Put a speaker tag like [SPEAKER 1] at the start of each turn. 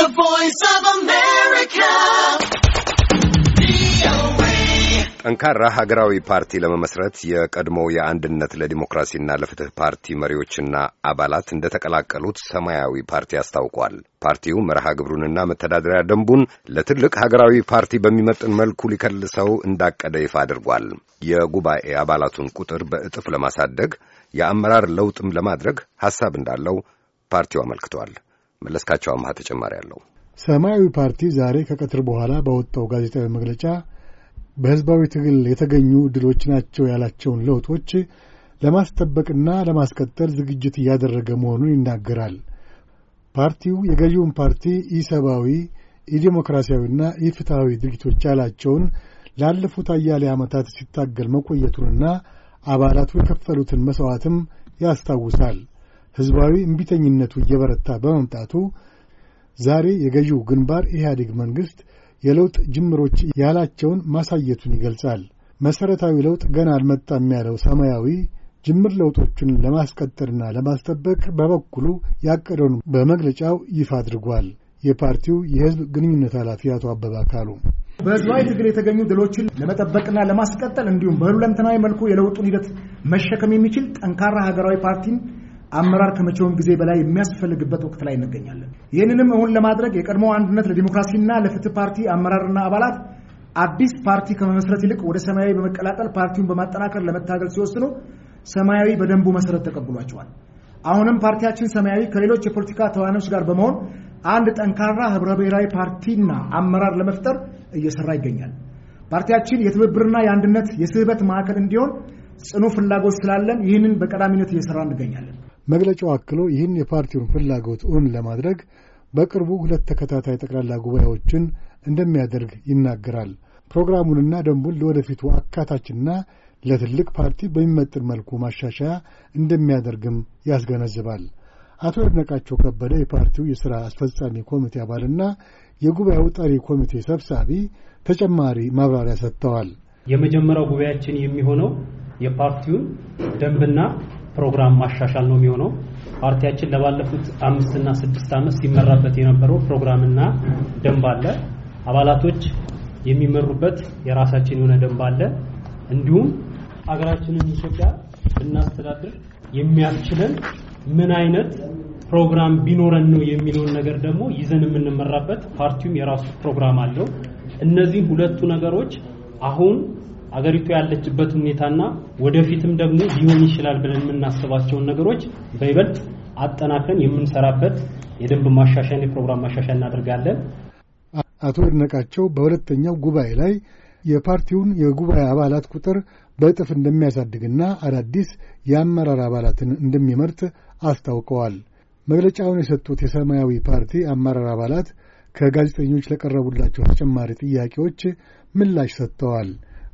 [SPEAKER 1] The Voice of America.
[SPEAKER 2] ጠንካራ ሀገራዊ ፓርቲ ለመመስረት የቀድሞው የአንድነት ለዲሞክራሲና ለፍትህ ፓርቲ መሪዎችና አባላት እንደተቀላቀሉት ሰማያዊ ፓርቲ አስታውቋል። ፓርቲው መርሃ ግብሩንና መተዳደሪያ ደንቡን ለትልቅ ሀገራዊ ፓርቲ በሚመጥን መልኩ ሊከልሰው እንዳቀደ ይፋ አድርጓል። የጉባኤ አባላቱን ቁጥር በእጥፍ ለማሳደግ የአመራር ለውጥም ለማድረግ ሐሳብ እንዳለው ፓርቲው አመልክቷል። መለስካቸው አምሃ ተጨማሪ አለው።
[SPEAKER 3] ሰማያዊ ፓርቲ ዛሬ ከቀትር በኋላ በወጣው ጋዜጣዊ መግለጫ በህዝባዊ ትግል የተገኙ ድሎች ናቸው ያላቸውን ለውጦች ለማስጠበቅና ለማስቀጠል ዝግጅት እያደረገ መሆኑን ይናገራል። ፓርቲው የገዢውን ፓርቲ ኢሰብአዊ፣ ኢዴሞክራሲያዊና ኢፍትሐዊ ድርጊቶች ያላቸውን ላለፉት አያሌ ዓመታት ሲታገል መቆየቱንና አባላቱ የከፈሉትን መሥዋዕትም ያስታውሳል። ሕዝባዊ እምቢተኝነቱ እየበረታ በመምጣቱ ዛሬ የገዢው ግንባር ኢህአዴግ መንግሥት የለውጥ ጅምሮች ያላቸውን ማሳየቱን ይገልጻል። መሠረታዊ ለውጥ ገና አልመጣም ያለው ሰማያዊ ጅምር ለውጦቹን ለማስቀጠልና ለማስጠበቅ በበኩሉ ያቀደውን በመግለጫው ይፋ አድርጓል። የፓርቲው የሕዝብ ግንኙነት ኃላፊ አቶ አበባ ካሉ
[SPEAKER 1] በህዝባዊ ትግል የተገኙ ድሎችን ለመጠበቅና ለማስቀጠል እንዲሁም በሁለንተናዊ መልኩ የለውጡን ሂደት መሸከም የሚችል ጠንካራ ሀገራዊ ፓርቲን አመራር ከመቼውም ጊዜ በላይ የሚያስፈልግበት ወቅት ላይ እንገኛለን። ይህንንም እሁን ለማድረግ የቀድሞ አንድነት ለዲሞክራሲና ለፍትህ ፓርቲ አመራርና አባላት አዲስ ፓርቲ ከመመስረት ይልቅ ወደ ሰማያዊ በመቀላቀል ፓርቲውን በማጠናከር ለመታገል ሲወስኑ ሰማያዊ በደንቡ መሰረት ተቀብሏቸዋል። አሁንም ፓርቲያችን ሰማያዊ ከሌሎች የፖለቲካ ተዋናዮች ጋር በመሆን አንድ ጠንካራ ህብረ ብሔራዊ ፓርቲና አመራር ለመፍጠር እየሰራ ይገኛል። ፓርቲያችን የትብብርና የአንድነት የስህበት ማዕከል እንዲሆን ጽኑ ፍላጎት ስላለን ይህንን በቀዳሚነት እየሰራ እንገኛለን።
[SPEAKER 3] መግለጫው አክሎ ይህን የፓርቲውን ፍላጎት እውን ለማድረግ በቅርቡ ሁለት ተከታታይ ጠቅላላ ጉባኤዎችን እንደሚያደርግ ይናገራል። ፕሮግራሙንና ደንቡን ለወደፊቱ አካታችና ለትልቅ ፓርቲ በሚመጥን መልኩ ማሻሻያ እንደሚያደርግም ያስገነዝባል። አቶ ይድነቃቸው ከበደ የፓርቲው የሥራ አስፈጻሚ ኮሚቴ አባልና የጉባኤው ጠሪ ኮሚቴ ሰብሳቢ ተጨማሪ ማብራሪያ ሰጥተዋል።
[SPEAKER 4] የመጀመሪያው ጉባኤያችን የሚሆነው የፓርቲውን ደንብና ፕሮግራም ማሻሻል ነው የሚሆነው። ፓርቲያችን ለባለፉት እና ስድስት ዓመት ሲመራበት የነበረው ፕሮግራምና ደንብ አለ። አባላቶች የሚመሩበት የራሳችን የሆነ ደንብ አለ። እንዲሁም ሀገራችንን ኢትዮጵያ ብናስተዳድር የሚያስችለን ምን አይነት ፕሮግራም ቢኖረን ነው የሚለውን ነገር ደግሞ ይዘን የምንመራበት ፓርቲውም የራሱ ፕሮግራም አለው። እነዚህ ሁለቱ ነገሮች አሁን አገሪቱ ያለችበት ሁኔታና ወደፊትም ደግሞ ሊሆን ይችላል ብለን የምናስባቸውን ነገሮች በይበልጥ አጠናክረን የምንሰራበት የደንብ ማሻሻያን የፕሮግራም ማሻሻያ እናደርጋለን።
[SPEAKER 3] አቶ ይድነቃቸው በሁለተኛው ጉባኤ ላይ የፓርቲውን የጉባኤ አባላት ቁጥር በእጥፍ እንደሚያሳድግና አዳዲስ የአመራር አባላትን እንደሚመርጥ አስታውቀዋል። መግለጫውን የሰጡት የሰማያዊ ፓርቲ አመራር አባላት ከጋዜጠኞች ለቀረቡላቸው ተጨማሪ ጥያቄዎች ምላሽ ሰጥተዋል።